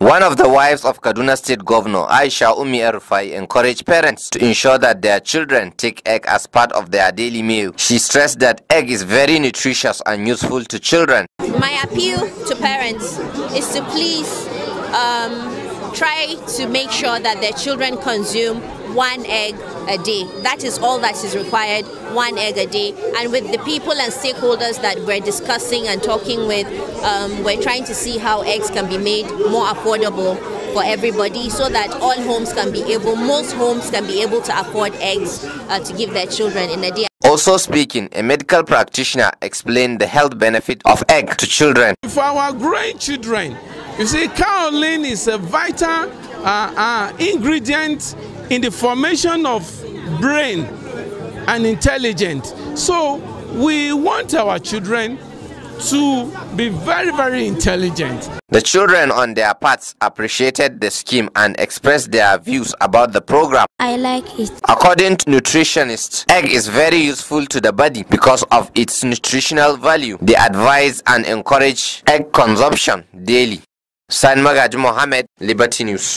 One of the wives of Kaduna State Governor Aisha Umi Erufai encouraged parents to ensure that their children take egg as part of their daily meal. She stressed that egg is very nutritious and useful to children. My appeal to parents is to please um, try to make sure that their children consume one egg a day. That is all that is required, one egg a day. And with the people and stakeholders that we're discussing and talking with, um, we're trying to see how eggs can be made more affordable for everybody so that all homes can be able, most homes can be able to afford eggs uh, to give their children in a day. Also speaking, a medical practitioner explained the health benefit of egg to children. For our grandchildren, you see, kaolin is a vital uh, uh, ingredient in the formation of brain and intelligence. So we want our children to be very, very intelligent. The children on their parts appreciated the scheme and expressed their views about the program. I like it. According to nutritionists, egg is very useful to the body because of its nutritional value. They advise and encourage egg consumption daily. San Magaj Mohammed, Liberty News.